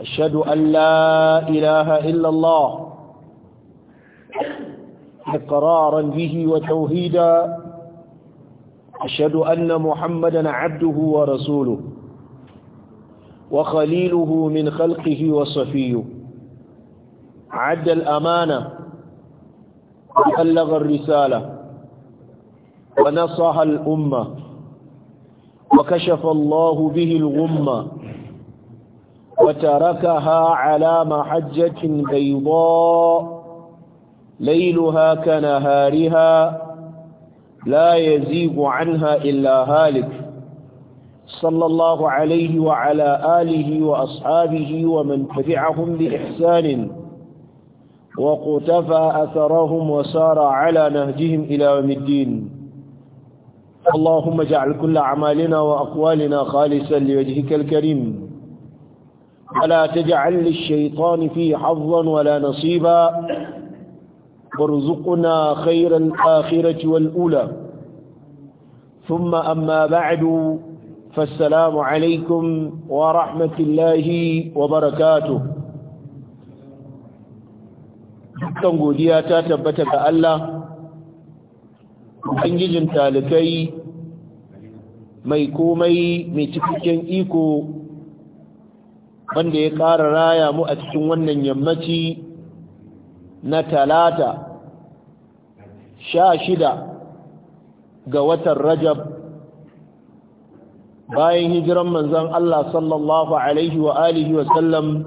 أشهد أن لا إله إلا الله إقرارا به وتوحيدا أشهد أن محمدا عبده ورسوله وخليله من خلقه وصفيه عد الأمانة وبلغ الرسالة ونصح الأمة وكشف الله به الغمة وتركها على محجة بيضاء ليلها كنهارها لا يزيغ عنها إلا هالك صلى الله عليه وعلى آله وأصحابه ومن تبعهم بإحسان وقتفى أثرهم وسار على نهجهم إلى يوم الدين اللهم اجعل كل أعمالنا وأقوالنا خالصا لوجهك الكريم ولا تجعل للشيطان فيه حظا ولا نصيبا وارزقنا خير الآخرة والأولى ثم أما بعد فالسلام عليكم ورحمة الله وبركاته تنقو دياتا تبتك ألا ga Allah ميكومي talikai إيكو wanda ya ƙara raya mu a cikin wannan yammaci na talata sha shida ga watan rajab bayan hijiran manzan Allah sallallahu alaihi wa alihi sallam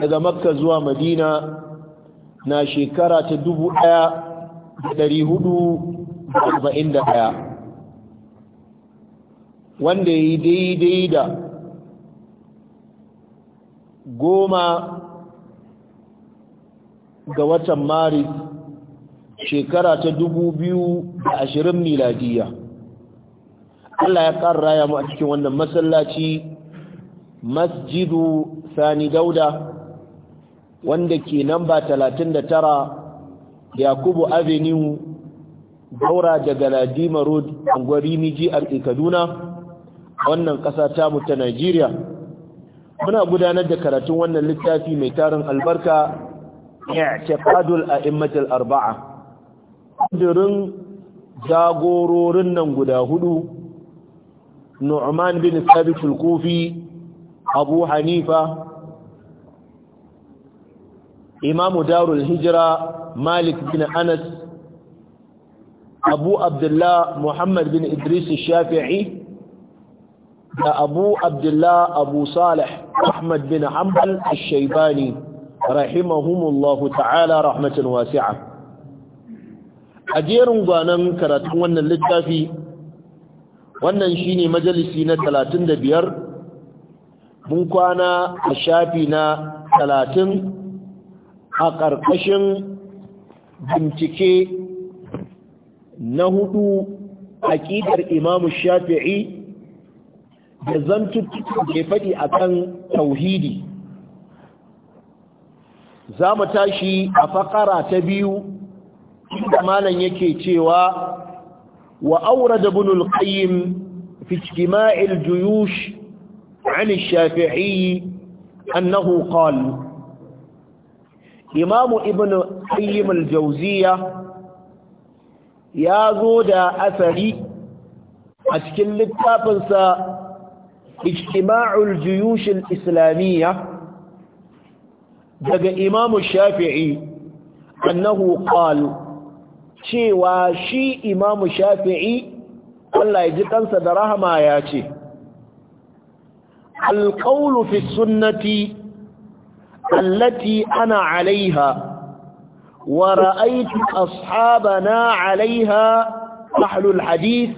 daga makka zuwa madina na shekara ta dubu ɗaya da hudu da da ɗaya wanda ya yi daidai da goma ga watan maris shekara ta dubu biyu da ashirin miladiya Allah ya ƙara raya mu a cikin wannan masallaci masjidu sani dauda wanda ke namba talatin da tara yakubu avenue daura daga ladima road gwari miji a kaduna wannan ƙasa tamu ta najeriya muna gudanar da karatun wannan littafi mai tarin albarka i'tiqadul a'immatul arba'a dirin jagororin nan guda hudu Nu'man bin Thabit al-Kufi Abu Hanifa Imam Darul Hijra Malik bin Anas Abu Abdullah Muhammad bin Idris al-Shafi'i da Abu Abdullah Abu Salih Ahmad bin Hanbal al-Shaibani rahimahumullahu ta'ala rahmatan wasi'a a jerin gwanan karatun wannan littafi wannan shine majalisi na biyar, mun kwana a shafi na talatin, a ƙarƙashin bincike na hudu aƙidar imamu shafi'i da zantuttukan da faɗi a kan tauhidi za mu tashi a fakara ta biyu inda Malam yake cewa wa aure da bunul ƙayyim fitima iljuyush an shafi'i annahu qal imamu ibn ƙayyim Jauziya ya zo da asari a cikin littafinsa اجتماع الجيوش الإسلامية جاء إمام الشافعي أنه قال شيوا شي إمام الشافعي والله يجتن صدرها ما ياتي القول في السنة التي أنا عليها ورأيت أصحابنا عليها نحل الحديث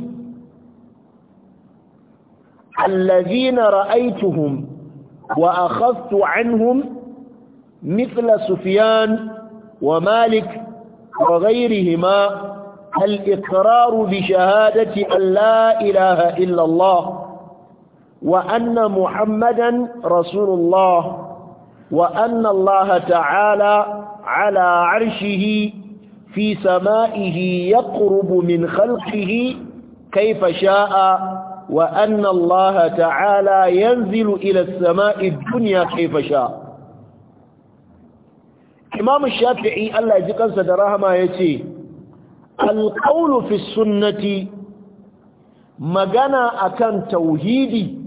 الذين رأيتهم وأخذت عنهم مثل سفيان ومالك وغيرهما الإقرار بشهادة أن لا إله إلا الله وأن محمدا رسول الله وأن الله تعالى على عرشه في سمائه يقرب من خلقه كيف شاء وأن الله تعالى ينزل إلى السماء الدنيا كيف شاء إمام الشافعي الله يجيكم سدراها ما يتي القول في السنة مغانا أكان توهيدي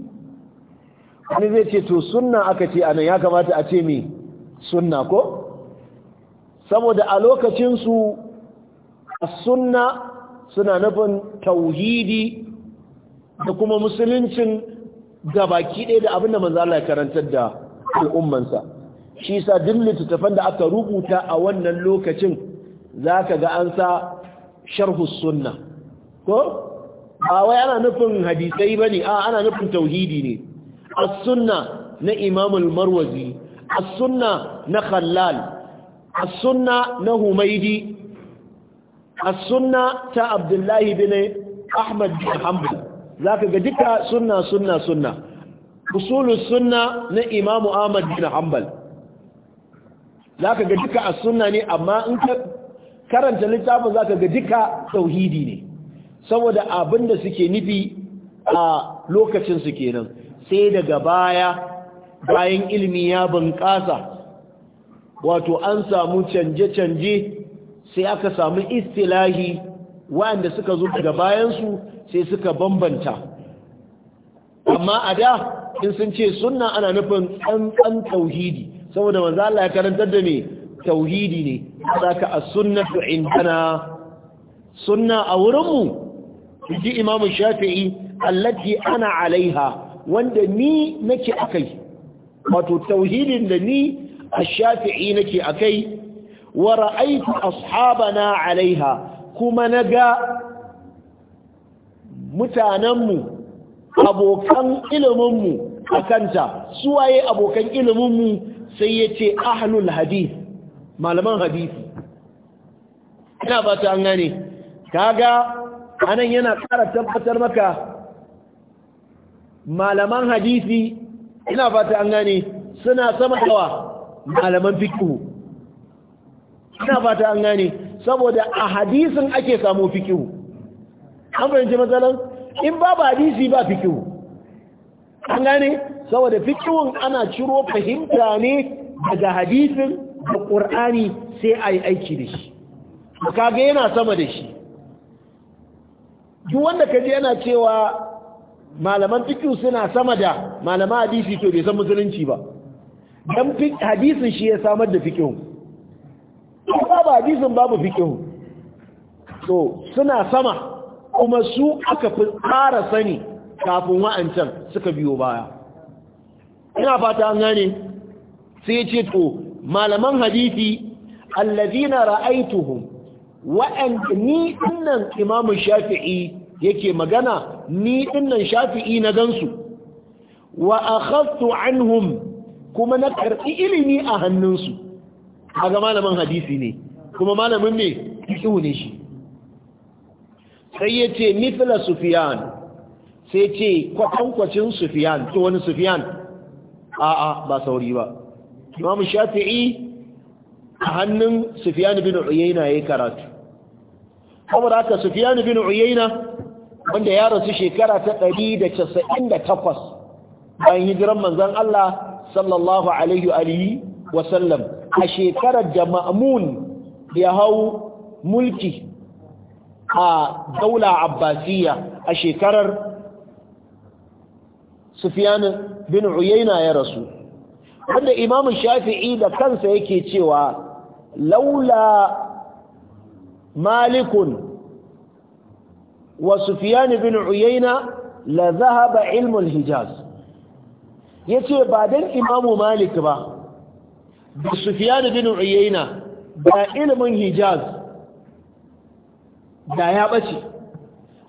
wani zai ce to sunna aka ce anan ya kamata a ce me sunna ko saboda a lokacinsu sunna suna nufin tauhidi da kuma musuluncin ga baki ɗaya da abinda Manzala ya karantar da al'ummansa shi sa duk littattafan da aka rubuta a wannan lokacin zaka ga an sa sharhu sunna ko ba wai ana nufin hadisai bane a ana nufin tauhidi ne as-sunna na Imamul marwazi as-sunna na Khallal as-sunna na humaidi, as-sunna ta Abdullahi bin Ahmad bin Hanbal za ka ga duka sunna sunna sunna usulun sunna na imamu ahmad bin hanbal za ka ga duka a sunna ne amma in ka karanta littafin za ka ga duka tauhidi ne saboda abin da suke nufi a lokacin su kenan sai daga baya bayan ilimi ya bunƙasa wato an samu canje-canje sai aka samu istilahi wa'anda suka zo daga bayansu sai suka bambanta amma a da in sun ce sunna ana nufin tsantsan tauhidi saboda manzo Allah ya karantar da me tauhidi ne saka as-sunnatu indana sunna a wurinmu ji Imam Shafi'i allati ana alaiha wanda ni nake akai wato tauhidin da ni a shafi'i nake akai wa ra'aytu ashabana alaiha kuma na ga mutanenmu abokan iliminmu a kanta suwaye abokan iliminmu sai ya ce ahlul hadith malaman Hadithi. ina ba ta gane kaga anan yana ƙara tabbatar maka malaman Hadithi. ina fata an gane suna sama dawa malaman fikihu ina fata an gane saboda a hadisin ake samu fikihu an fahimci matsalar in ba ba hadisi ba fikihu an gane saboda fikihun ana ciro fahimta ne daga hadisin da ƙur'ani sai a yi aiki da shi kaga yana sama da shi yi wanda kaji yana cewa malaman fikihu suna sama da malaman hadisi to bai san musulunci ba dan hadisin shi ya samar da fikihun ba ba hadisin babu fikihu so suna sama kuma su aka fi tsara sani kafin wa'ancan suka biyo baya ina fata an gane sai ce to malaman hadisi allazina ra'aituhum wa'anda ni dinnan imamu shafi'i yake magana ni dinnan shafi'i na gansu wa akhadtu anhum kuma na karbi ilimi a hannunsu kaga malamin hadisi ne kuma malamin me fiqh ne shi sai yace mithla sufyan sai ce kwacin sufyan to wani sufyan a a ba sauri ba imam shafi'i a hannun sufyan bin uyayna yayi karatu kuma haka sufyan bin uyayna wanda ya rasu shekara ta 198 bayan hijiran manzon Allah sallallahu alaihi wa sallam a shekarar da ma'amun ya hau mulki a daula abbasiya a shekarar sufiyan bin uyaina ya rasu wanda imamu shafi'i da kansa yake cewa laula malikun wa sufiyan bin uyaina la zahaba ilmul hijaz yace ba dan imamu malik ba da Sufyan bin Uyayna da ilimin Hijaz da ya bace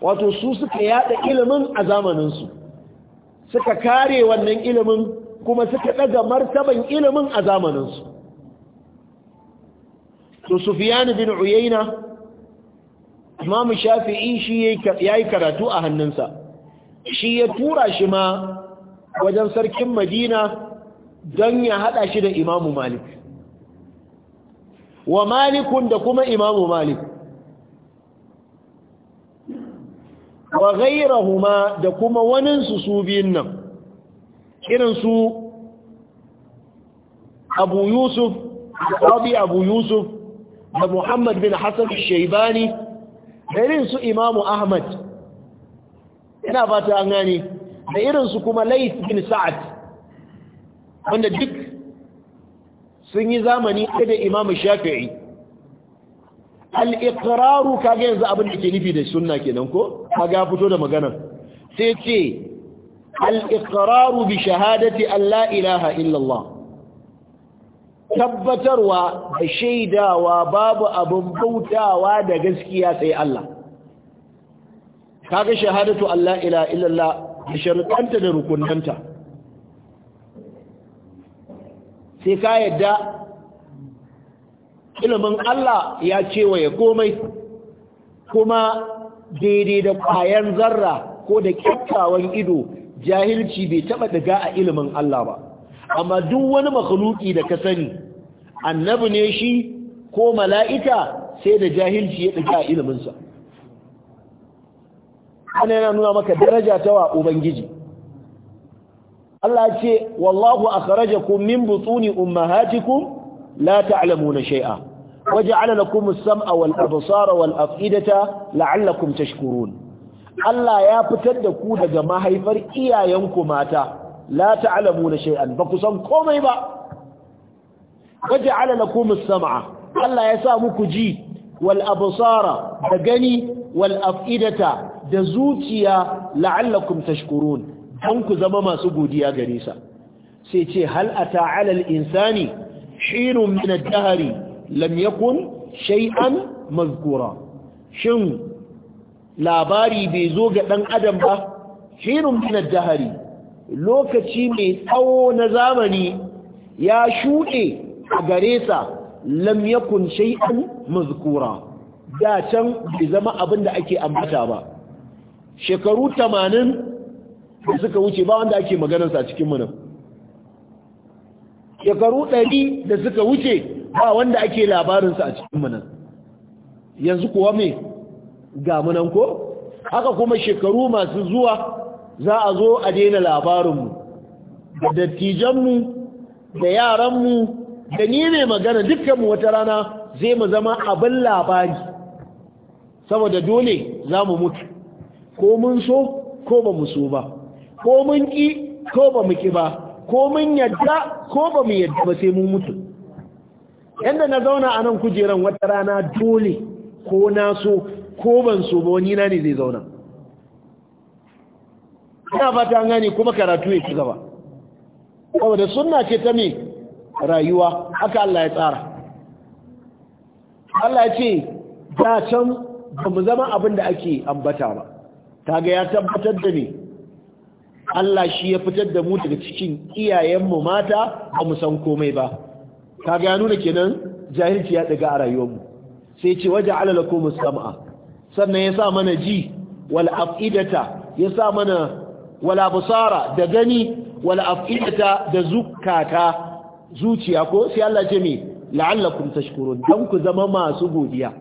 wato su suka yada ilimin a zamaninsu, suka kare wannan ilimin kuma suka daga martaban ilimin a zamaninsu. su to bin Uyayna Imam Shafi'i shi yi karatu a hannunsa shi ya tura shi ma wajen sarkin Madina don ya haɗa shi da imamu malik wa malikun da kuma imamu malik wa gairahuma da kuma waninsu su biyun nan irinsu abu yusuf abu abu yusuf da muhammad bin hassan shaibani da irinsu imamu ahmad ina fata an gane da irinsu kuma lait bin sa'ad wanda duk sun yi zamani da imamu shafi'i al'iƙiraru kaga yanzu abin da ke nufi da sunna kenan ko kaga fito da magana sai ce al'iƙiraru bi shahadati Allah ilaha illallah tabbatarwa da shaidawa babu abin bautawa da gaskiya sai Allah kaga shahadatu Allah ilaha illallah da sharuɗanta da rukunanta sai ka yadda ilimin Allah ya ce wa ya komai kuma daidai da ƙwayan zarra ko da kyakkyawan ido jahilci bai taɓa daga a ilimin Allah ba amma duk wani makhluki da ka sani annabi ne shi ko mala'ika sai da jahilci ya daga a iliminsa ana yana nuna maka daraja ta wa ubangiji Allah ce wallahu akhrajakum min butuni ummahatikum la ta'lamuna shay'a waja'ala lakum as-sam'a wal absara wal af'idata la'allakum tashkurun Allah ya fitar da ku daga mahaifar iyayenku mata la ta'lamuna shay'an ba ku san komai ba waja'ala lakum as-sam'a Allah ya sa muku ji wal absara da gani wal af'idata da zuciya la'allakum tashkurun don ku zama masu godiya gare sa sai ce hal ata alal insani shirun min ad-dahr shay'an shin labari bai zo ga ɗan adam ba shirun min lokaci mai tsawo na zamani ya shuɗe a gare sa lam yakun shay'an da can bai zama abin da ake ambata ba shekaru tamanin da suka wuce ba wanda ake maganarsa a cikin munan shekaru ɗari da suka wuce ba wanda ake labarinsa a cikin munan yanzu kuwa me ga munan ko haka kuma shekaru masu zuwa za a zo a daina labarinmu da dattijanmu da yaranmu da ni mai magana dukkanmu wata rana zai mu zama abin labari saboda dole za mu mutu ko mun so ko ba mu so ba ko mun ƙi ko ba mu ki ba ko mun yadda ko ba mu yadda ba sai mun mutu Yadda na zauna a nan kujeran wata rana dole ko na so ko ban so ba wani na ne zai zauna ina fata an gane kuma karatu ya ci gaba saboda sunna ce ta me rayuwa haka Allah ya tsara Allah ya ce da can ba mu zama abin da ake ambata ba ta ga ya tabbatar da ne Allah shi ya fitar da mu daga cikin iyayenmu mata ba mu san komai ba Ka ga ya nuna kenan jahilci ya daga a rayuwarmu sai ce waje alalakum musama sannan ya sa mana ji wal afidata ya sa mana wal abusara. da gani wal afidata da zukata zuciya ko sai Allah ce me la'allakum tashkurun dan ku zama masu godiya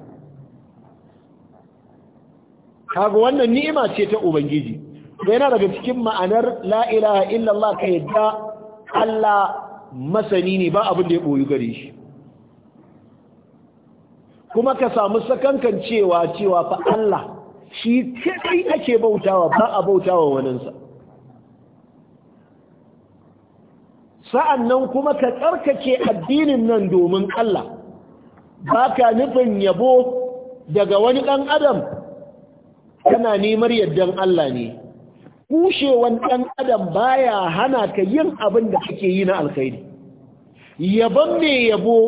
kaga wannan ni'ima ce ta ubangiji yana daga cikin ma'anar la ilaha illallah ka yadda Allah masani ne ba abin da ya boyu gare shi kuma ka samu sakankan cewa cewa fa Allah shi kai ake bautawa ba a bautawa waninsa sa'an nan kuma ka tsarkake addinin nan domin Allah ba ka nufin yabo daga wani ɗan adam kana nemar yardan Allah ne kushewan ɗan adam baya hana ka yin abin da kake yi na alkhairi yabon mai yabo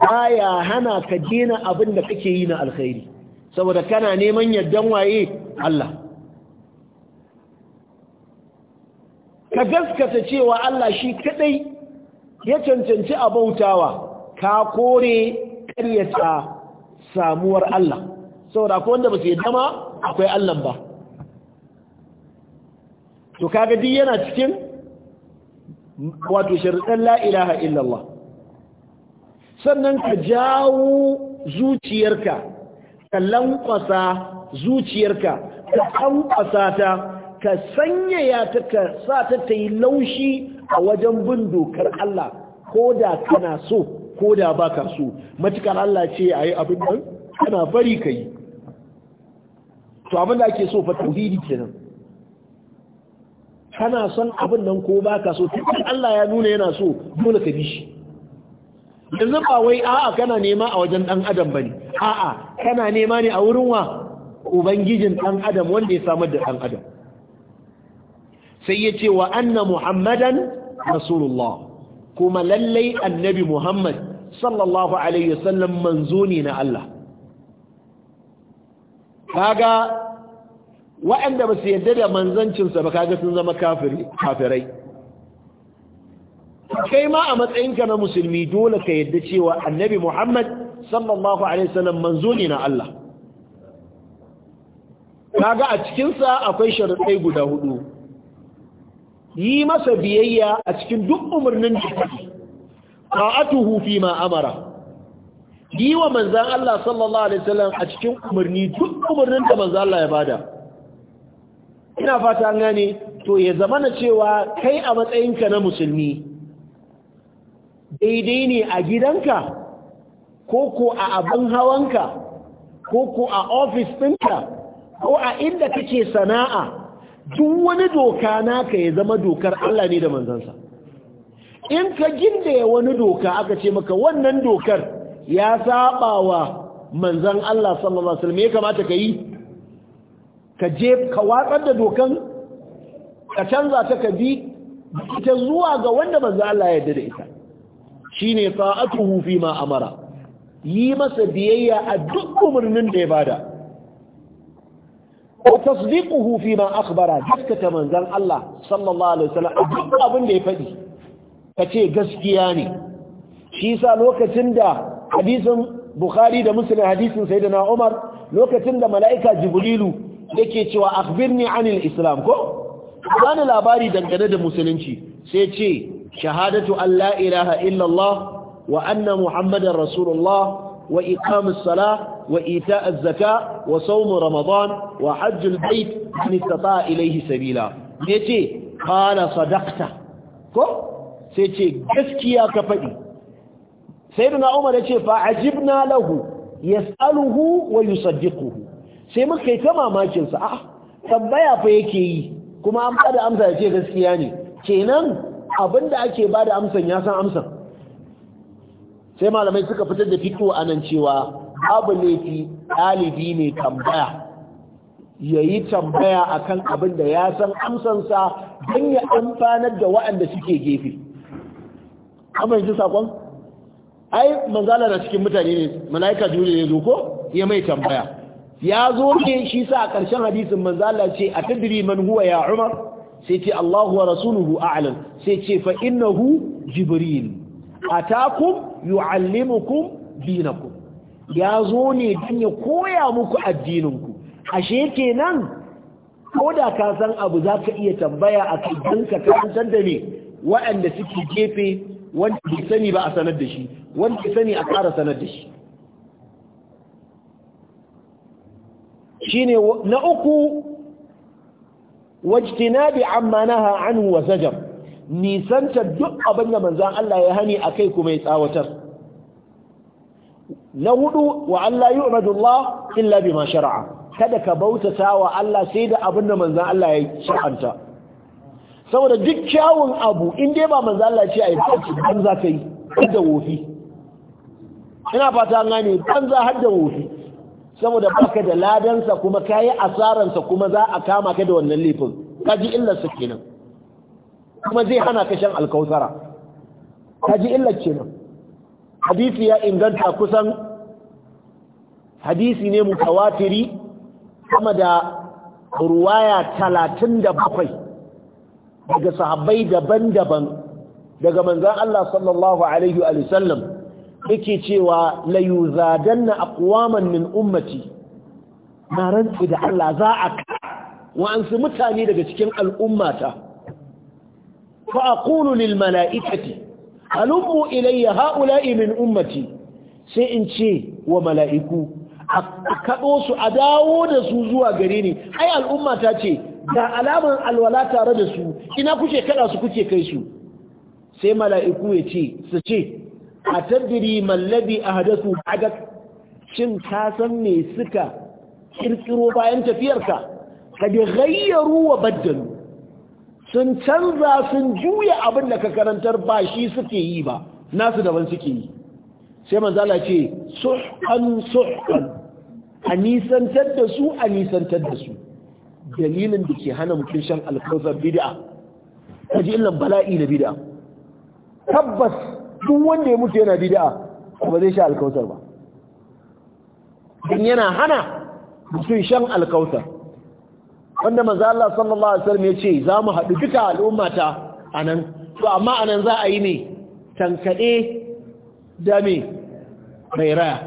baya hana ka dena abin da kake yi na alkhairi saboda kana neman yaddan waye Allah ka gaskata cewa Allah shi kadai ya cancanci abautawa ka kore karyata samuwar Allah saboda akwai wanda ba su yi dama akwai Allah ba to kaga duk yana cikin wato sharuɗan la ilaha illallah sannan ka jawo zuciyarka ka lankwasa zuciyarka ka lankwasa ta ka sanyaya ta ka sa ta ta yi laushi a wajen bin dokar Allah ko da kana so ko da baka so matukar Allah ce a yi abin nan kana bari ka yi to abin da ake so fa tauhidi kenan kana son abin nan ko ba ka so tun Allah ya nuna yana so dole ka bi shi yanzu ba wai a'a kana nema a wajen dan adam bane a'a kana nema ne a wurin wa ubangijin dan adam wanda ya samar da dan adam sai yace wa anna muhammadan rasulullah kuma lallai annabi muhammad sallallahu alaihi wasallam manzo ne na Allah kaga waɗanda ba su yadda da manzancinsa ba kaga sun zama kafirai kai ma a matsayinka na musulmi dole ka yadda cewa annabi muhammad sallallahu alaihi wasallam manzo ne na Allah kaga a cikinsa akwai sharuɗai guda hudu yi masa biyayya a cikin duk umarnin jiki ta'atuhu fi ma amara yi wa manzan Allah sallallahu alaihi wasallam a cikin umarni duk umarnin da manzan Allah ya bada ina fata an gane to ya zama na cewa kai a matsayinka na musulmi daidai ne a gidanka ko ko a abin hawanka ko ko a ofis ɗinka ko a inda kake sana'a duk wani doka naka ya zama dokar Allah ne da manzansa in ka ya wani doka aka ce maka wannan dokar ya saba wa manzan Allah sallallahu alaihi wasallam ya kamata ka yi ka je ka watsar da dokan ka canza ta ka bi ita zuwa ga wanda manzo Allah ya yarda da ita shine ta'atuhu fi ma amara yi masa biyayya a duk umarnin da ya bada ko tasdiquhu fi ma akhbara gaskata manzon Allah sallallahu alaihi wasallam duk abin da ya faɗi kace gaskiya ne shi yasa lokacin da hadisin Bukhari da Muslim hadisin Sayyidina Umar lokacin da mala'ika Jibrilu yake cewa akhbirni anil islam ko bani labari dangane da musulunci sai ce shahadatu an la ilaha illallah wa anna muhammadar rasulullah wa iqamus wa ita'az zaka wa sawm ramadan wa hajjul bait man istata'a ilayhi sabila yace qala sadaqta ko sai ce gaskiya ka fadi sayyidina umar yace fa ajibna lahu yas'aluhu wa yusaddiqu sai muka yi ta mamakin sa ah tambaya fa yake yi kuma an bada amsa ya ce gaskiya ne kenan abinda ake bada amsan ya san amsan sai malamai suka fitar da fito a nan cewa babu laifi ɗalibi mai tambaya ya yi tambaya akan abin da ya san amsansa don ya amfanar da waɗanda suke gefe amma yanzu sakon ai manzala na cikin mutane ne mala'ika juli ne zo ko ya mai tambaya ya zo ne shi sa a ƙarshen hadisin manzo Allah ce a tadri man huwa ya Umar sai ce Allahu wa rasuluhu a'lam sai ce fa innahu Jibril atakum yu'allimukum dinakum ya zo ne dan ya koya muku addininku ashe kenan ko da ka san abu za ka iya tambaya a kai dan ka karantar da ne waɗanda suke gefe wanda bai sani ba a sanar da shi wanda sani a ƙara sanar da shi shine na uku wajtinabi amma naha anhu wa zajar nisanta duk abin da manzon Allah ya hani akai kuma ya tsawatar na hudu wa an la yu'badullah illa bima shar'a kada ka bautata wa Allah sai da abin da manzon Allah ya shar'anta saboda duk kyawun abu in dai ba manzon Allah ya ce ai ban za ka yi da wofi ina fata an gane ban za har da wofi saboda baka da ladansa kuma kayi asaransa kuma za a kama ka da wannan laifin kaji illar sa kenan kuma zai hana ka shan alkausara ji illar kenan hadisi ya inganta kusan hadisi ne mutawatiri sama da ruwaya talatin da bakwai daga sahabbai daban-daban daga manzan Allah sallallahu Alaihi yake cewa la yuzadanna aqwaman min ummati na rantsi da Allah za a wa'ansu mutane daga cikin al'ummata fa aqulu lil mala'ikati alummu ilayya ha'ula'i min ummati sai in ce wa mala'iku a kaɗo su a dawo da su zuwa gare ni ai al'ummata ce da alaman alwala tare da su ina kuke kada su kuke kai su sai mala'iku ya ce su ce a tadiri mallabi a hadasu adak shin ka san me suka kirkiro bayan tafiyarka kad ghayyaru wa baddalu sun canza sun juya abin da ka karantar ba shi suke yi ba nasu daban suke yi sai manzala ce suhqan suhqan a nisantar da su a nisantar da su dalilin da ke hana mutum shan alkawzar bid'a kaji illan bala'i na bid'a tabbas duk wanda ya mutu yana bid'a ba zai sha alkautar ba in yana hana mutum shan alkautar wanda manzo Allah sallallahu alaihi wasallam yace za mu haɗu duka al'ummata nan. to amma nan za a yi ne tankade dame mai raya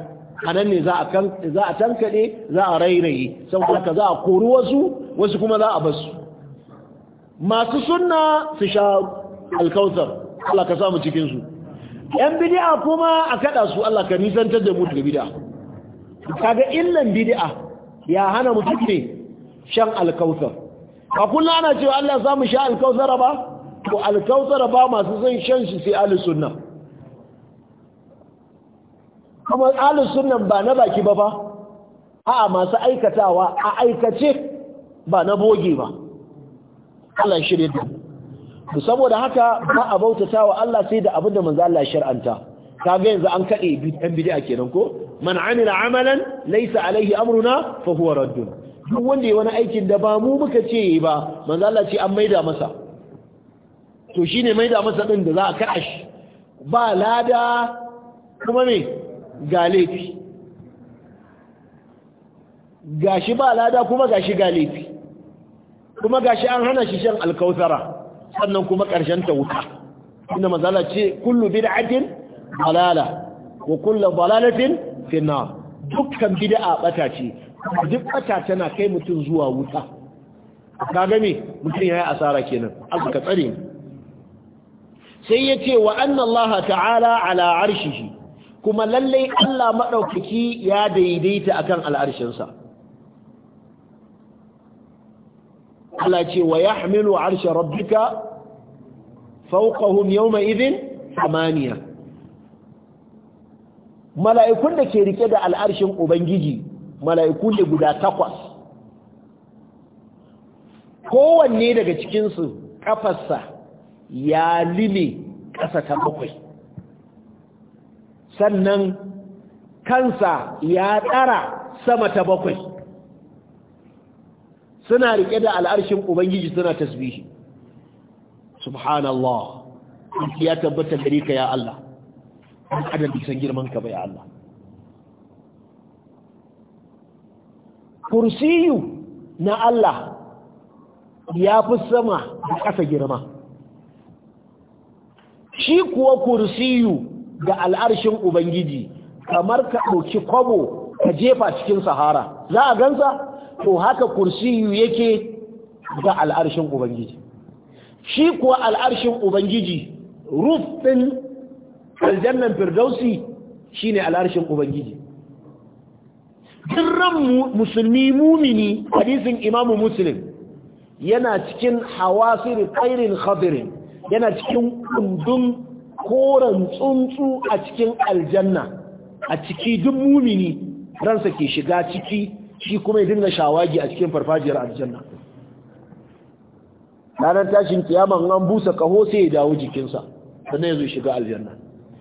nan ne za a kan za a rairaye saboda ka za a kori wasu wasu kuma za a basu masu sunna su sha alkautar Allah ka samu cikin su yan bidi'a kuma a kaɗa su Allah ka nisantar da mu daga bid'a kaga illan bidi'a ya hana mutum ne shan alkausar a kullu ana cewa Allah za mu sha alkausar ba to alkausar ba masu zan shan shi sai ahlus sunna kuma ahlus ba na baki ba ba? a'a masu aikatawa a aikace ba na boge ba Allah shirye da mu to saboda haka ba a bautata wa Allah sai da abin da manzo Allah ya shar'anta kaga yanzu an kade bid'an bid'a kenan ko man amila amalan laysa alaihi amruna fa huwa raddun duk wanda yayi wani aikin da ba mu muka ce ba manzo Allah ce an maida masa to shine maida masa din da za a kada shi ba lada kuma me ga laifi gashi ba lada kuma gashi ga laifi kuma gashi an hana shi shan alkausara sannan kuma ƙarshen ta wuta inda mazala ce kullu bid'atin balala wa kullu balalatin fi nar dukkan bid'a bata ce duk bata tana kai mutum zuwa wuta ka ga me mutum yayi asara kenan aka tsare sai yace wa anna Allah ta'ala ala arshihi kuma lalle Allah madaukaki ya daidaita akan al'arshinsa Allah ce wa a harshen rabbika yau mai izin samaniya mala'ikun da ke rike da al'arshin ubangiji mala'iku ne guda takwas kowanne daga cikinsu kafarsa ya lime ƙasa ta bakwai sannan kansa ya tsara sama ta bakwai suna rike da al'arshin ubangiji suna tasbihi subhanallah ya tabbata gari ka ya Allah an adam bi san girman ka ba ya Allah kursiyu na Allah ya fi sama da ƙasa girma shi kuwa kursiyu ga al'arshin ubangiji kamar ka ɗauki kwabo ka jefa cikin sahara za a gansa to haka kursiyu yake ga al'arshin ubangiji shi kuwa al'arshin ubangiji ruf ɗin aljannan firdausi shine al'arshin ubangiji kirran musulmi mumini hadisin imamu muslim yana cikin hawasir kairin khadirin yana cikin ƙundun koren tsuntsu a cikin aljanna a ciki duk mumini ransa ke shiga ciki shi kuma ya dinga shawagi a cikin farfajiyar aljanna ranar tashin kiyama an busa kaho sai ya dawo jikinsa sannan ya zo shiga aljanna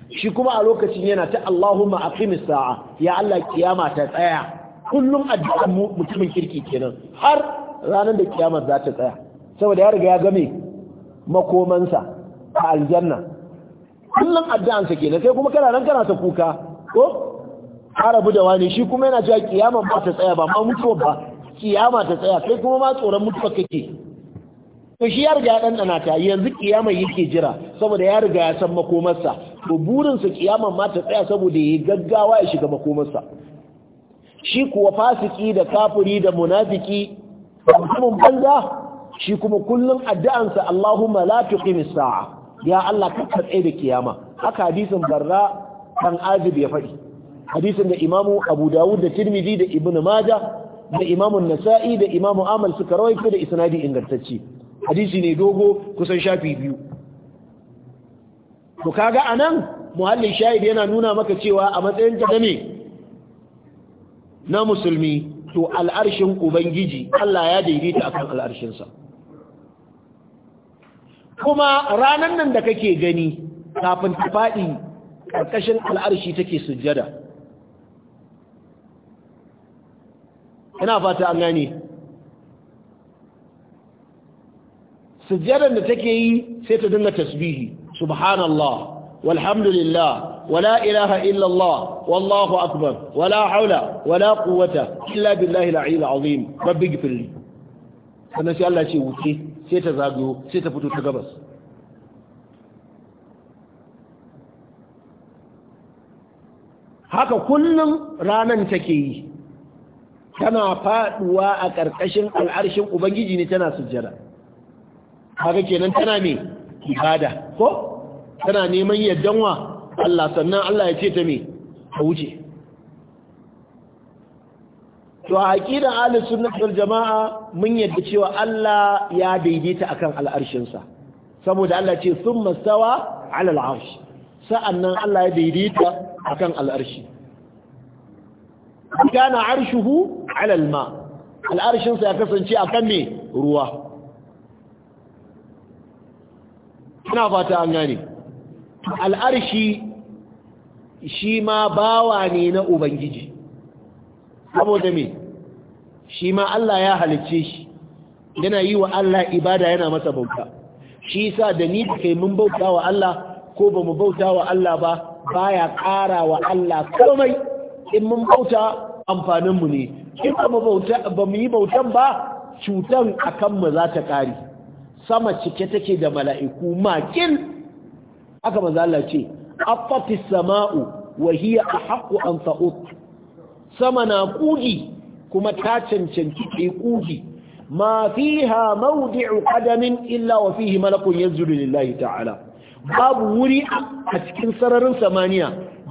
shi kuma a lokacin yana ta Allahumma aqimis sa'a ya Allah kiyama ta tsaya kullum addu'an mutumin kirki kenan har ranar da kiyama za ta tsaya saboda ya riga ya game makomansa a aljanna kullum addu'ansa kenan sai kuma kana nan kana ta kuka ko rabu da wani shi kuma yana cewa kiyama ba ta tsaya ba ma mutuwa ba kiyama ta tsaya kai kuma ma tsoron mutuwa kake to shi ya riga ya dana ta yanzu kiyama yake jira saboda ya riga ya san makomarsa to burinsa kiyama ma ta tsaya saboda ya gaggawa ya shiga makomarsa shi kuwa fasiki da kafiri da munafiki mutumin banza shi kuma kullum addu'ansa Allahumma la as sa'a ya Allah ka tsaye da kiyama haka hadisin barra dan azib ya faɗi hadisin da imamu abu dawud da tirmidhi da ibnu majah da imamu nasa'i da imamu amal suka rawaito da isnadi ingantacce hadisi ne dogo kusan shafi biyu to kaga anan muhallin shahid yana nuna maka cewa a matsayin ka ne na musulmi to al'arshin ubangiji Allah ya daidaita akan sa kuma ranan nan da kake gani kafin ta faɗi ƙarƙashin al'arshi take sujjada ina fata an gane sujjadar da take yi sai ta dinga tasbihi subhanallah walhamdulillah wala ilaha illallah wallahu akbar wala haula wala quwwata illa billahi al-ali al-azim rabbi gifirli sannan sai Allah ce wuce sai ta zagayo sai ta fito ta gabas haka kullum ranan take yi tana faduwa a ƙarƙashin al'arshin ubangiji ne tana sujjada haka kenan tana ne ibada ko tana neman yaddanwa Allah sannan Allah ya ce ta me ta wuce to a aqidar ahlus sunnah wal jamaa mun yadda cewa Allah ya daidaita akan al'arshin saboda Allah ce sun stawa ala sa'annan Allah ya daidaita akan al'arshi kana arshuhu ala alma al'arshin sa ya kasance akan me ruwa ina fata an gane al'arshi shi ma bawa ne na ubangiji saboda me shi ma Allah ya halicce shi yana yi wa Allah ibada yana masa bauta shi yasa da ni da kai mun bauta wa Allah ko ba mu bauta wa Allah ba baya ƙara wa Allah komai in mun bauta amfaninmu ne in ba mu yi bautan ba cutan a kanmu za ta ƙari sama cike take da mala'iku makin aka mazala ce affatis sama'u wahiya a haƙo an fa'ot sama na ƙugi kuma ta cancanci ke ƙugi ma fi ha maudi'u ƙadamin illa wa fihi malakun yanzu lillahi ta'ala babu wuri a cikin sararin samaniya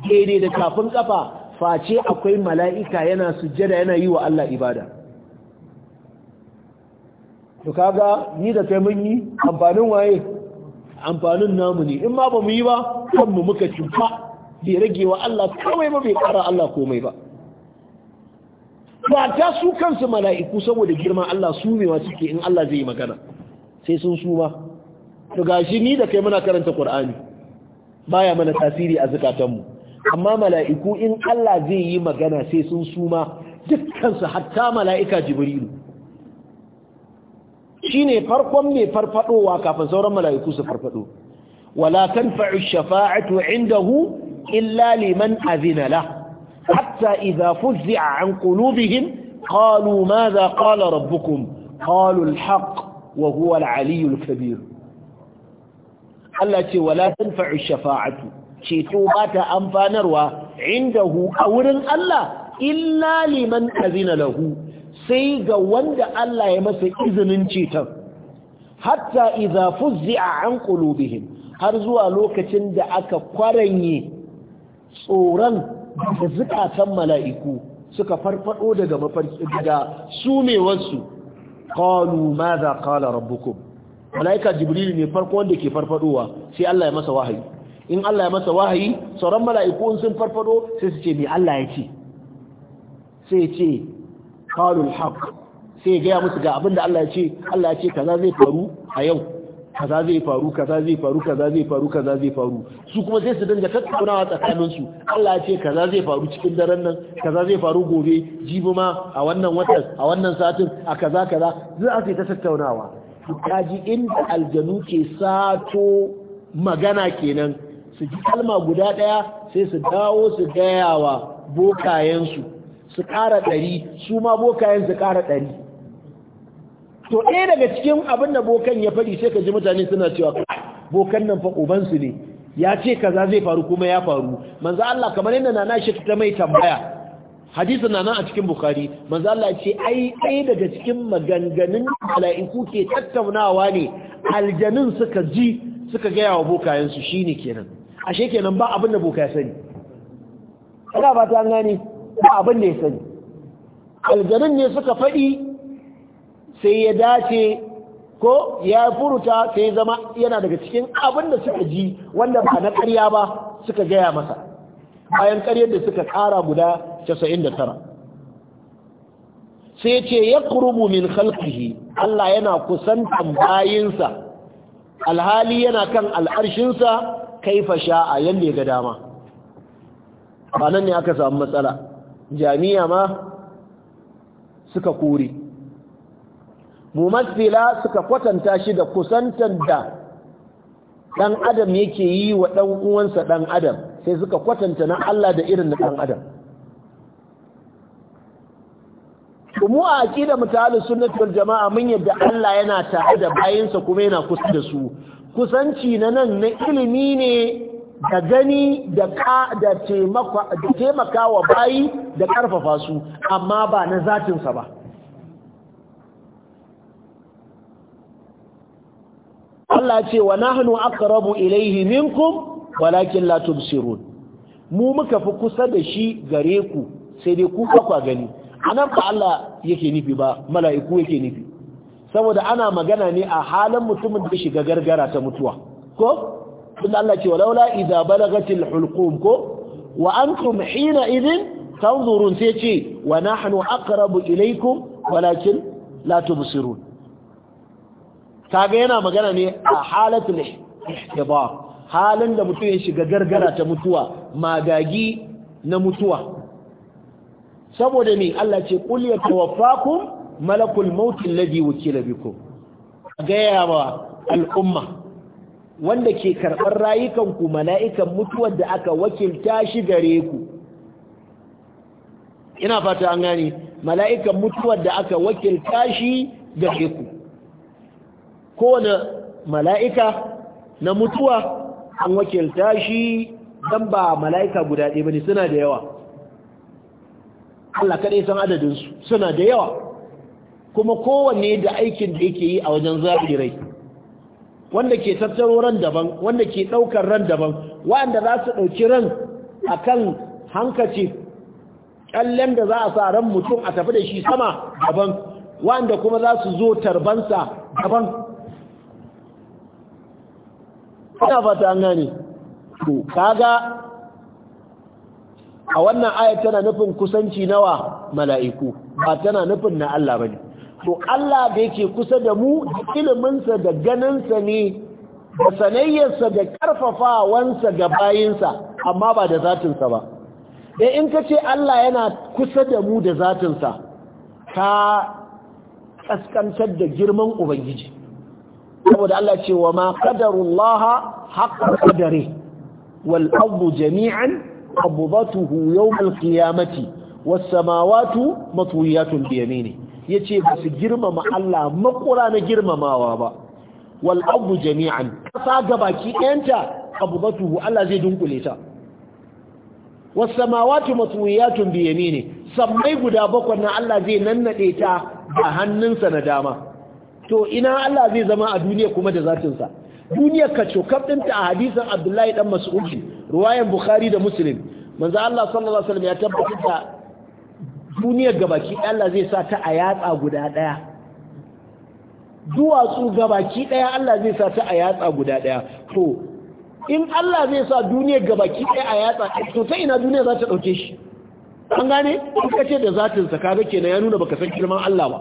daidai da kafin ƙafa. face akwai mala'ika yana sujjada yana yi wa Allah ibada to kaga ni da kai mun yi amfanin waye amfanin namu ne in ma ba mu yi ba Kan mu muka cimfa. bai rage wa Allah kawai ba bai kara Allah komai ba Wata su kansu mala'iku saboda girma Allah su mewa suke in Allah zai yi magana sai sun su ba. to gashi ni da kai muna karanta kur'ani baya mana tasiri a zukatanmu. amma mala'iku in Allah zai yi magana sai sun suma dukkansu hatta mala'ika jibrilu shine farkon mai farfadowa kafin sauran mala'iku su farfado wala tanfa'u shafa'atu indahu illa liman azina la hatta idza fuz'a an qulubihim qalu madha qala rabbukum qalu al-haqq wa huwa al-'aliyyu kabir Allah ce wala tanfa'u shafa'atu ceto ba ta amfanarwa indahu a wurin Allah illa liman azina lahu sai ga wanda Allah ya masa izinin ceton hatta idza fuzzi'a an qulubihim har zuwa lokacin da aka kwaranye tsoron da zukatan mala'iku suka farfado daga mafarki daga wasu qalu madha qala rabbukum malaika jibril ne farko wanda ke farfadowa sai Allah ya masa wahayi in Allah ya masa wahayi sauran mala'iku sun farfado sai su ce me Allah ya ce sai ce qalul haqq sai ya ga musu ga abinda Allah ya ce Allah ya ce kaza zai faru a yau kaza zai faru kaza zai faru kaza zai faru kaza zai faru su kuma sai su danga tattaunawa tsakanin su Allah ya ce kaza zai faru cikin daren nan kaza zai faru gobe jibi ma a wannan watan a wannan satin a kaza kaza za su ta tattaunawa kaji inda aljanu ke sato magana kenan su ji kalma guda ɗaya sai su dawo su gaya wa bokayensu su ƙara ɗari su ma bokayen su ƙara ɗari to ɗaya daga cikin abin da bokan ya faɗi sai ka ji mutane suna cewa bokan nan fa ubansu ne ya ce kaza zai faru kuma ya faru manzo Allah kamar yadda nana shi ta mai tambaya hadisi Nana a cikin bukhari manzo Allah ce ai ɗaya daga cikin maganganun mala'iku ke tattaunawa ne Aljanin suka ji suka gaya wa bokayensu shine kenan ashe kenan ba abin da boka sani ina ba ta gani ba abin da ya sani aljarin ne suka faɗi sai ya dace ko ya furuta sai zama yana daga cikin abin da suka ji wanda ba na ƙarya ba suka gaya masa bayan ƙaryar da suka ƙara guda 99 sai ce ya kurubu min halkihi Allah yana kusan bayinsa alhali yana kan al'arshinsa kaifa sha'a yanda ya ga dama ba nan ne aka samu matsala jami'a ma suka kore mumathila suka kwatanta shi da kusantar da dan adam yake yi wa dan uwansa dan adam sai suka kwatanta na Allah da irin na dan adam mu a aqida mutahalis sunnati wal jamaa mun yadda Allah yana tare da bayinsa kuma yana kusa da su kusanci na nan na ilimi ne da gani da taimaka wa bayi da ƙarfafa su amma ba na zatinsa ba Allah ce wa nahnu aqrabu ilayhi minkum walakin la tubsirun mu muka fi kusa da shi gare ku sai dai ku kwa gani anan ba Allah yake nufi ba mala'iku yake nufi saboda ana magana ne a halin mutumin da shiga gargara ta mutuwa ko tunda Allah ce walaula idza balagatil hulqum ko wa antum hina idin tanzurun sai ce wa nahnu aqrabu ilaykum walakin la tubsirun kaga yana magana ne a halatul ihtibar halin da mutum ya shiga gargara ta mutuwa magagi na mutuwa saboda ne Allah ce qul yatawaffakum malakul mautin alladhi wukila bikum gaya wa al'umma wanda ke karɓar rayukanku mala'ikan mutuwar da aka wakilta shi gare ku ina fata an gani. mala'ikan mutuwar da aka wakilta shi gare ku kowane mala'ika na mutuwa an wakilta shi don ba mala'ika guda ɗaya ba ne suna da yawa Allah kaɗai san adadinsu suna da yawa kuma kowanne da aikin da yake yi a wajen rai, wanda ke tattaro ran daban wanda ke daukar ran daban wanda za su dauki ran akan hankaci kallen da za a sa ran mutum a tafi da shi sama daban wanda kuma za su zo tarbansa daban ina fata an gane to kaga a wannan ayat tana nufin kusanci nawa mala'iku ba tana nufin na Allah bane to Allah da yake kusa da mu iliminsa da ganinsa ne da sanayyarsa da karfafawansa ga bayinsa amma ba da zatinsa ba da eh, in ka ce Allah yana kusa da mu da zatinsa ka kaskantar da girman ubangiji saboda Allah ce wa ma qadarullaha haqqa qadari wal ardu jami'an qabdatuhu yawm al qiyamati was samawati matwiyatun bi yaminihi ya ce ba su girmama Allah makura na girmamawa ba wal'abu jami'an ƙasa baki ɗayanta abu batuhu Allah zai dunkule ta wasu samawatu matsuwiyatun biyami ne sammai guda bakwai na Allah zai nannaɗe ta da hannunsa na dama to ina Allah zai zama a duniya kuma da zatinsa duniyar ka cokar ɗinta a hadisan abdullahi ɗan mas'udin ruwayan bukhari da muslim manzo Allah sallallahu alaihi wasallam ya tabbata duniyar gabaki Allah zai sa ta a yatsa guda ɗaya duwatsu gabaki ɗaya Allah zai sa ta a yatsa guda ɗaya to in Allah zai sa duniyar gabaki ɗaya a yatsa to ta ina duniya za ta ɗauke shi an gane in ka ce da zatin sa kaga kenan ya nuna baka san girman Allah ba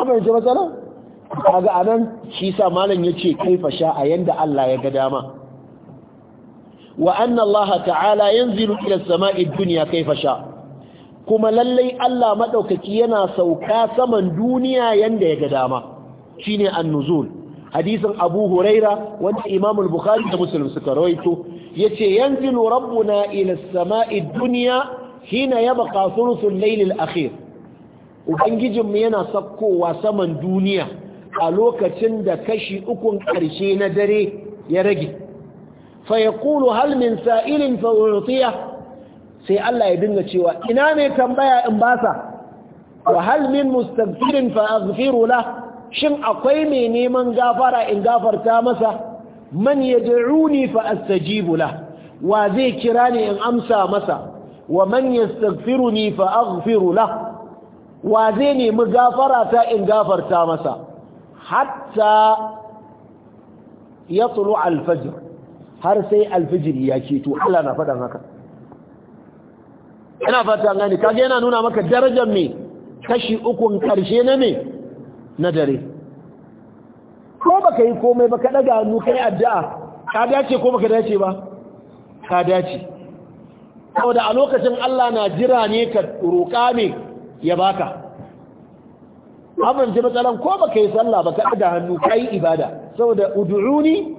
amma yanzu matsala kaga anan shi sa malam yace fa sha a yanda Allah ya ga dama wa anna Allah ta'ala yanzilu ila as-sama'i ad-dunya fa sha'a kuma lallai Allah maɗaukaki yana sauka saman duniya yanda ya ga dama shine annuzul hadisin Abu Huraira wanda imamul bukhari da Muslim suka rawaito yace yanzilu rabbuna ila as-sama'i duniya dunya hina yabqa thuluth al-layl akhir ubangijinmu yana sakkowa saman duniya a lokacin da kashi ukun ƙarshe na dare ya rage fa yaqulu hal min sa'ilin fa sai Allah ya dinga cewa ina ne tambaya in ba sa wa hal min mustaghfirin fa aghfiru shin akwai mai neman gafara in gafarta masa man yad'uni fa astajibu la wa zai kira ni in amsa masa wa man yastaghfiruni fa aghfiru la wa zai nemi gafara ta in gafarta masa hatta ya tsulu alfajir har sai alfijir ya to Allah na faɗan haka ina fata gani kage yana nuna maka darajar me kashi ukun karshe na me na dare ko baka yi komai baka daga hannu kai addu'a ka dace ko baka dace ba ka dace saboda a lokacin Allah na jira ne ka roƙa me ya baka abin ji matsalan ko baka yi sallah baka daga hannu kai ibada saboda ud'uni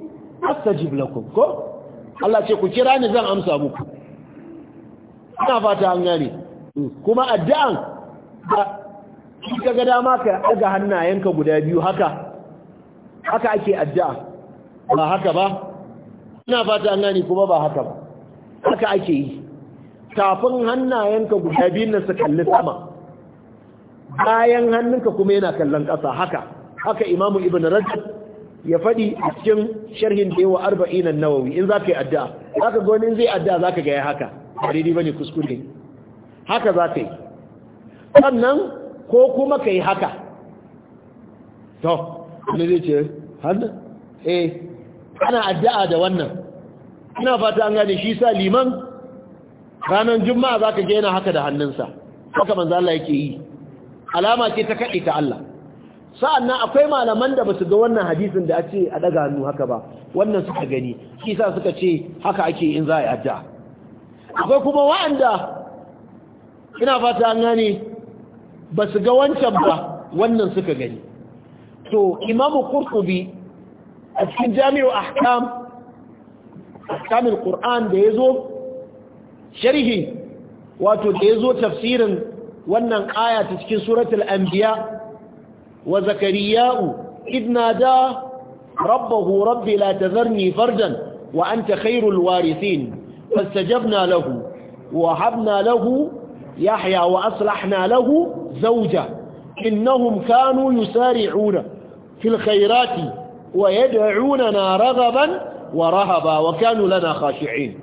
astajib lakum ko Allah ce ku kira ni zan amsa muku ina fata an gane kuma addu'an shi kaga dama ka daga hannayenka guda biyu haka haka ake addu'a ba haka ba ina fata an gane kuma ba haka ba haka ake yi tafin hannayenka guda biyu na su kalli sama bayan hannunka kuma yana kallon ƙasa haka haka imamu ibn rajab ya faɗi a cikin sharhin da yawa arba'in nawawi in za ka yi addu'a za ka ga in zai addu'a za ka ga ya haka ba daidai ba ne kuskure haka za ka yi sannan ko kuma ka yi haka to ne zai ce hannu eh ana addu'a da wannan ina fata an gane shi sa liman ranar juma'a za ka gena haka da hannunsa haka manzo Allah yake yi alama ce ta kaɗe ta Allah sa'annan akwai malaman da ba su ga wannan hadisun da a ce a daga hannu haka ba wannan suka gani shi sa suka ce haka ake in za a yi addu'a akwai kuma wa'anda ina fata an gane ba su ga wancan ba wannan suka gani to imamu kurkubi a cikin jami'u ahkam ahkamin qur'an da ya zo sharhi wato da ya zo tafsirin wannan ƙaya ta cikin suratul anbiya wa zakariya'u idna da rabbahu rabbi la tazarni fardan wa anta khairul warisin فاستجبنا له وهبنا له يحيى وأصلحنا له زوجة إنهم كانوا يسارعون في الخيرات ويدعوننا رغبا ورهبا وكانوا لنا خاشعين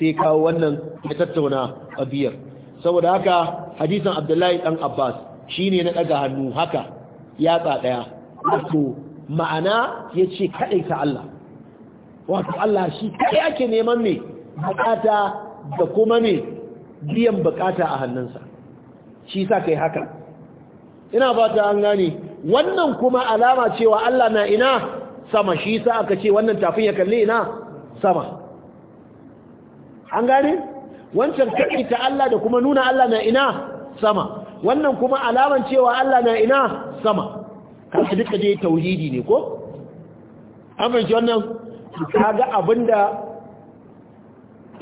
sai kawo wannan ya tattauna a biyar saboda haka hadisan abdullahi dan abbas ne na daga hannu haka yatsa daya wato ma'ana yace kadai ta Allah wato Allah shi kai ake neman ne bukata da kuma ne biyan bukata a hannunsa shi sa kai haka ina ba ta an gane wannan kuma alama cewa Allah na ina sama shi sa aka ce wannan tafin ya kalli ina sama an gane wancan ta Allah da kuma nuna Allah na ina sama wannan kuma alaman cewa Allah na ina sama kashi duka dai tauhidi ne ko amince wannan Ka ga abinda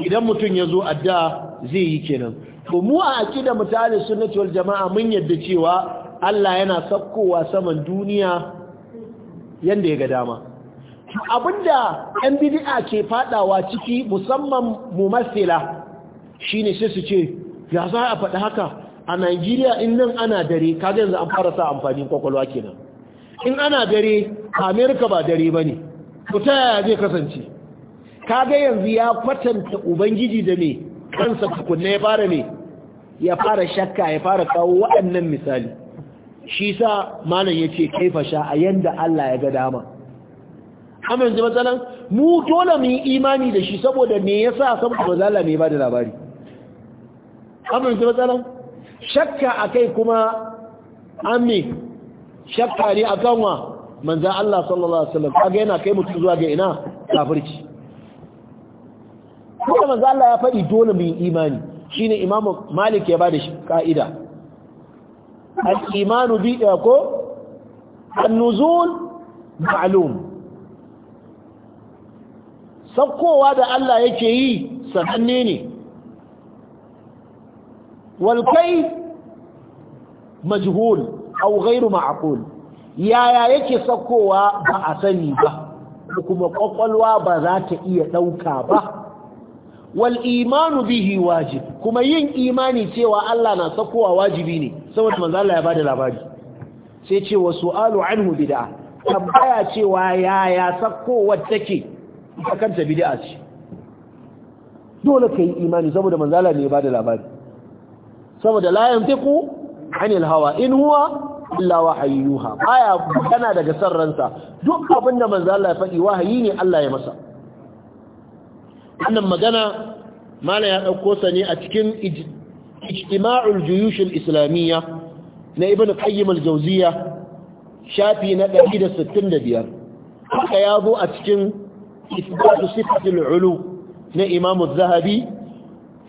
idan mutum ya zo da zai yi kenan to mu a akida mutane sunnati wal jama'a mun yadda cewa Allah yana sakkowa saman duniya yanda ya ga dama abinda ɗan bid'a ke fadawa ciki musamman mu masila shine sai su ce ya za a faɗi haka a Najeriya in nan ana dare kaga yanzu an fara sa amfani kwakwalwa kenan in ana dare a America ba dare bane to ta yaya zai kasance kaga yanzu ya kwatanta ubangiji da me kansa tukunna ya fara me ya fara shakka ya fara kawo waɗannan misali shi sa malam ya kai sha a yadda Allah ya ga dama amma yanzu matsalan mu dole mu yi imani da shi saboda me yasa da bazala me ba da labari amma yanzu matsalan shakka akai kuma amme shakka ne akan wa manzan Allah sallallahu Alaihi wasallam kaga yana kai mutum zuwa ga ina kafirci kuma manzo Allah ya faɗi dole mu yi imani shine Imam Malik ya bada shi ka'ida al-imanu bi eh, ko an-nuzul ma'lum saukowa da Allah yake yi sananne ne wal kai majhul aw ghairu ma'qul yaya yake saukowa ba a sani ba kuma kwakwalwa ba za ta iya dauka ba wal imanu bihi wajib kuma yin imani cewa Allah na sakowa wajibi ne saboda manzo Allah ya bada labari sai ce wa su'alu anhu bid'a tambaya cewa yaya sakowa take kanta bid'a ce dole kai imani saboda manzo Allah ne ya bada labari saboda la yantiqu anil hawa in huwa illa wahayyuha aya kana daga sarransa duk abinda manzo Allah ya faɗi wahayi ne Allah ya masa wannan magana mala ya ɗauko sa ne a cikin ijtima'ul juyushin islamiyya na ibn qayyim al-jawziyya shafi na 165 haka ya zo a cikin isbatu sifatul ulu na imam az-zahabi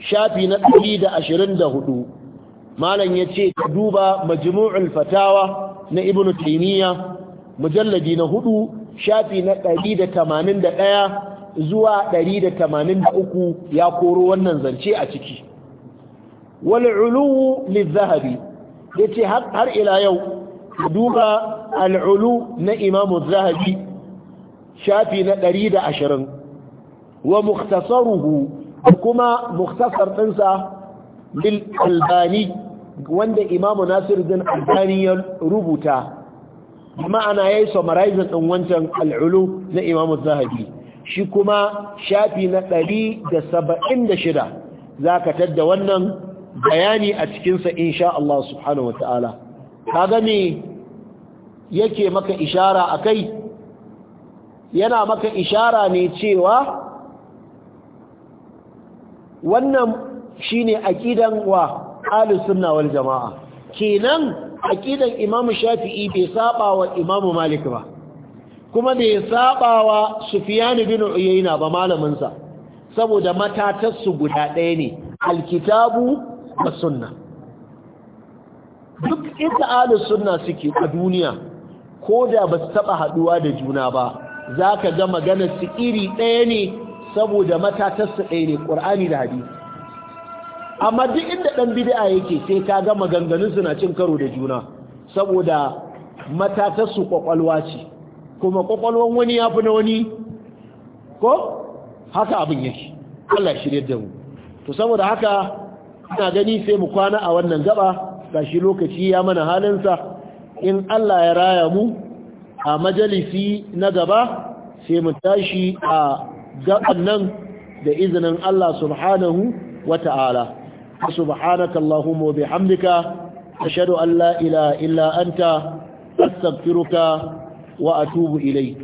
shafi na 124 malan ce ka duba majmu'ul fatawa na ibn taymiyya mujalladi na 4 shafi na 181 zuwa 183 ya koro wannan zance a ciki wal'ulu lizahari ya yace har ila yau duba al na imamu zahabi shafi na 120 wa mukhtasaruhu kuma muktasar ɗinsa lil albani wanda imamu din albani ya rubuta ma'ana yayi summarizing din wancan al'ulu na imamu zahabi shi kuma shafi na ɗari da saba'in da shida za ka tadda wannan bayani a cikinsa insha Allah subhanahu wa ta'ala ka me yake maka ishara a kai yana maka ishara ne cewa wannan shine aƙidan wa ahlus sunna wal jamaa kenan aƙidan imam shafi'i bai saba wa imam malik ba kuma bai sabawa sufiyan bin Uyayna ba malamin sa saboda matatar su guda ɗaya ne alkitabu da sunna duk inda ahlus sunna suke a duniya ko da ba su taba haduwa da juna ba zaka ga maganar su iri ɗaya ne saboda matatar su ɗaya ne Qur'ani da hadisi amma duk inda ɗan bid'a yake sai ka ga maganganun suna cin karo da juna saboda matatar su kwakwalwa ce kuma kwakwalwan wani ya fi na wani ko haka abin yake Allah shirye da mu to saboda haka ina gani sai mu kwana a wannan gaba gashi lokaci ya mana halinsa in Allah ya raya mu a majalisi na gaba sai mu tashi a gaban nan da izinin Allah subhanahu wa ta'ala subhanaka allahumma wa bihamdika ashhadu an la ilaha illa anta astaghfiruka wa atubu ilai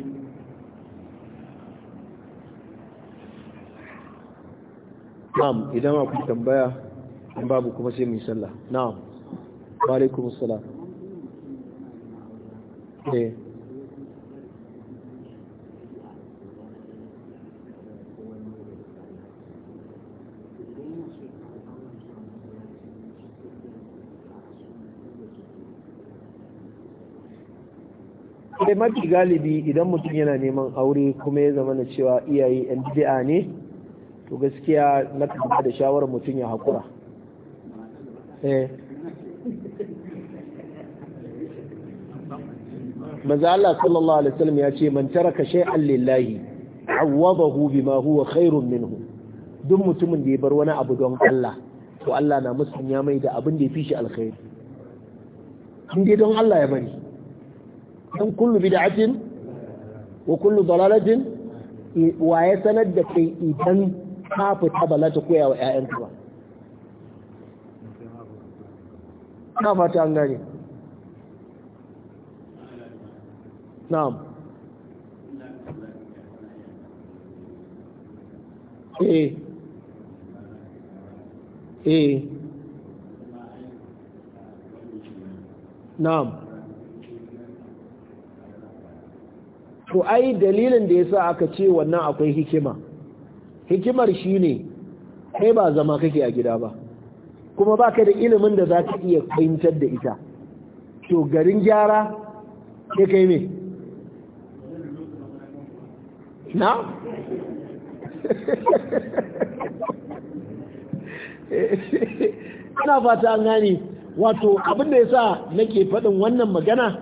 na'am idan akwai tambaya in babu kuma sai mai sallah na'am wa alaikumussalam eh sai mafi galibi idan mutum yana neman aure kuma ya zama na cewa iyaye yan bid'a ne to gaskiya na kama da shawarar mutum ya haƙura eh. maza Allah sallallahu alaihi wasallam ya ce man taraka shay'an lillahi awwadahu bima huwa khairun minhu duk mutumin da ya bar wani abu don Allah to Allah na ya mai da abin da ya fi shi alkhairi in dai don Allah ya bari من كل بدعة وكل ضلالة ويسند دكي إيتان كاف تبلا تقويا وإعانتوا كاف تانغاني نعم ايه ايه نعم, نعم. to ai dalilin da yasa aka ce wannan akwai hikima hikimar shine kai ba zama kake a gida ba kuma baka da ilimin da zaka iya kwantar da ita to garin gyara ke kai me na ina fata an gane wato abin da yasa nake faɗin wannan magana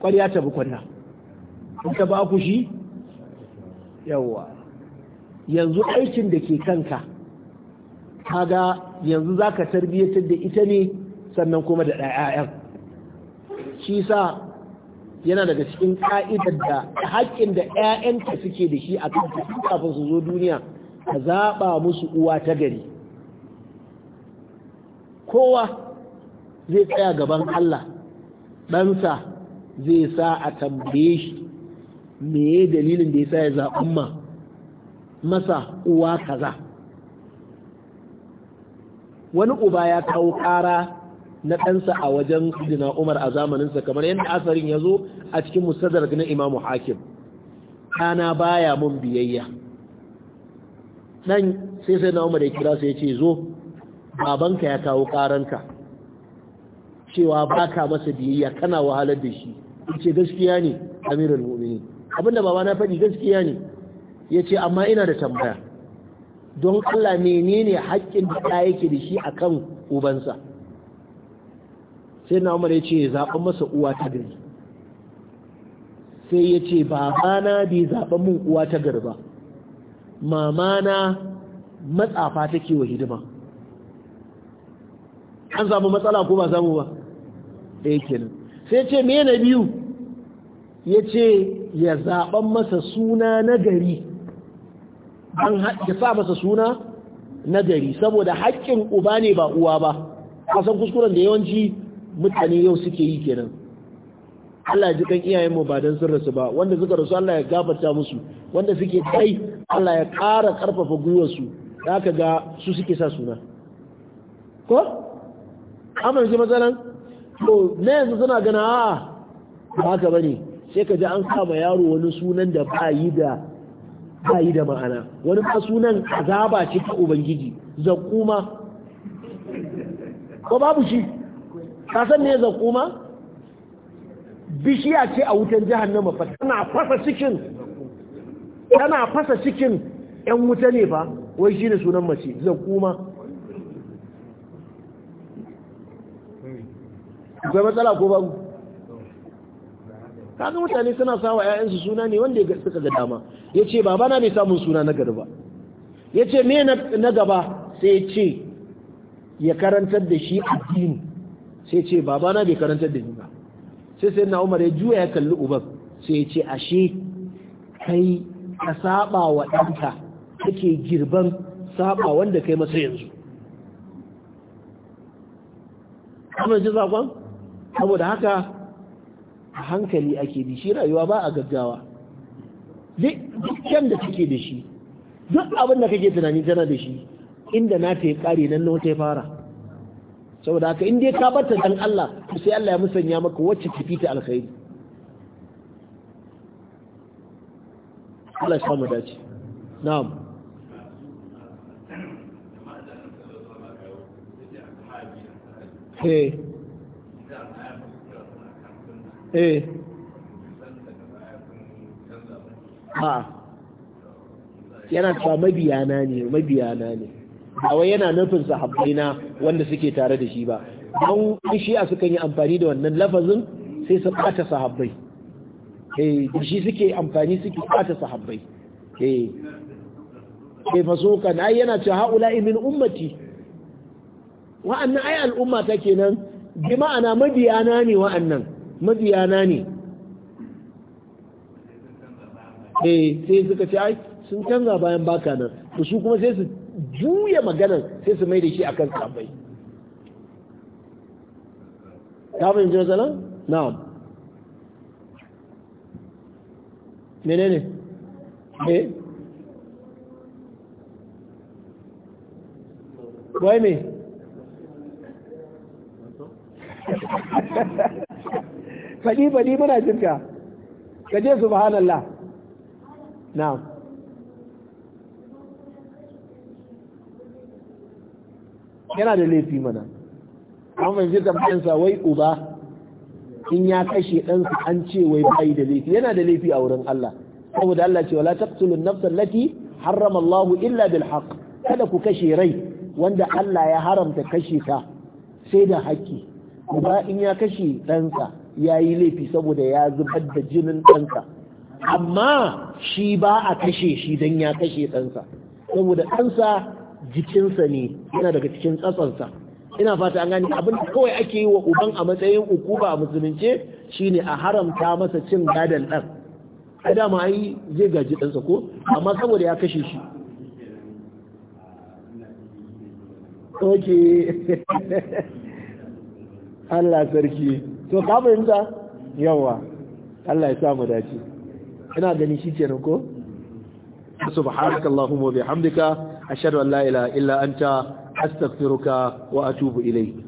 ƙwarya ta bukunna ka ba ku shi yawwa yanzu aikin da ke kanka kaga yanzu za ka tarbiyyatar da ita ne sannan kuma da ɗaya'yan shi sa yana daga cikin ƙa'idar da haƙƙin da ‘ya'yanta suke da shi a kan kafin su zo duniya ka zaɓa musu uwa ta gari kowa zai tsaya gaban Allah ɗansa zai sa a tambaye shi me ya dalilin da ya sa ya zaɓen ma masa uwa kaza wani uba ya kawo ƙara na ɗansa a wajen dina umar a zamaninsa kamar yadda asarin ya zo a cikin musadar na imamu hakim ɗana baya mun biyayya ɗan sai sai na umar ya kira sai ya ce zo babanka ya kawo ƙaranka cewa ba ka masa biyayya kana wahalar da shi ce gaskiya ne amirin mu'minin abin da baba na faɗi gaskiya ne ya ce amma ina da tambaya don Allah menene haƙƙin da ɗaya yake da shi a kan ubansa sai na umar ya ce zaɓen masa uwa ta gari sai ya ce babana bai zaɓen mun uwa ta gari ba mamana matsafa take wa hidima an samu matsala ko ba samu ba ɗaya eh, kenan sai ce me biyu ya ce ya zaɓan masa suna na gari an ya sa masa suna na gari saboda haƙƙin uba ne ba uwa ba kasan kuskuren da yawanci mutane yau suke yi kenan Allah ji kan iyayen mu ba dan sun rasu ba wanda suka rasu Allah ya gafarta musu wanda suke kai Allah ya ƙara ƙarfafa gwiwar su ka ga su suke sa suna ko amma ji matsalan to na yanzu suna gana a ba haka bane sai ka ji an kama yaro wani sunan da ba yi da ba yi da ma'ana wani ma sunan azaba ce ta ubangiji zakuma ko babu shi ka san ne zakuma bishiya ce a wutan jahannama fa tana fasa cikin tana fasa cikin yan wuta ne fa wai shi ne sunan mace zakuma ga matsala ko babu kaga mutane suna sawa ƴaƴansu suna ne wanda suka ga dama yace babana bai samun suna na Garba ya yace me na gaba sai ce ya karantar da shi addini sai ce babana bai karantar da ni ba sai sai na umar ya juya ya kalli uban sai ya ce ashe kai ka saba wa kake girban saba wanda kai masa yanzu ji zagon saboda haka a hankali ake bi shi rayuwa ba a gaggawa duk da take da shi duk abin da kake tunani tana da shi inda na ta yi kare nan na ya fara saboda haka in dai ka bata dan Allah to sai Allah ya musanya maka wacce tafi ta alkhairi Allah ya samu dace na'am Hey. Eh. eh ha yana cewa mabiyana ne mabiyana ne a wai yana nufin sahabbai na wanda suke tare da shi ba don a sukan yi amfani da wannan lafazin sai su ɓata sahabbai eh shi suke amfani suke ɓata sahabbai eh faso kan? ai yana cewa haula min ummati wa'annan ai al'umma ta kenan bi ma'ana mabiyana ne wa'annan mabiyana ne eh sai suka ce ai sun canza bayan baka nan to su kuma sai su juya maganar sai su mai da shi akan sahabbai ka fahimci matsalan na'am menene eh wai me faɗi faɗi muna jinka ka je subhanallah na'am yana da laifi mana an fahimci tambayansa wai uba in ya kashe ɗansa an ce wai bayi da laifi yana da laifi a wurin Allah saboda Allah ce wala taqtulun nafsan lati harrama Allah illa bil haqq kada ku kashe rai wanda Allah ya haramta kashe ka. sai da haƙƙi uba in ya kashe ɗansa ya yi laifi saboda ya zubar da jinin ɗansa amma shi ba a kashe shi don ya kashe ɗansa saboda ɗansa jikinsa ne yana daga cikin tsatsansa ina fata an gani abin da kawai ake yi wa uban a matsayin ukuba a musulunce shine a haramta masa cin gadon ɗan a dama ai zai gaji ɗansa ko amma saboda ya kashe shi ok Allah sarki to ka fahimta yawa Allah ya samu mu dace ina gani shi kenan ko subhanakallahumma wa bihamdika ashhadu an la ilaha illa anta astaghfiruka wa atubu ilayk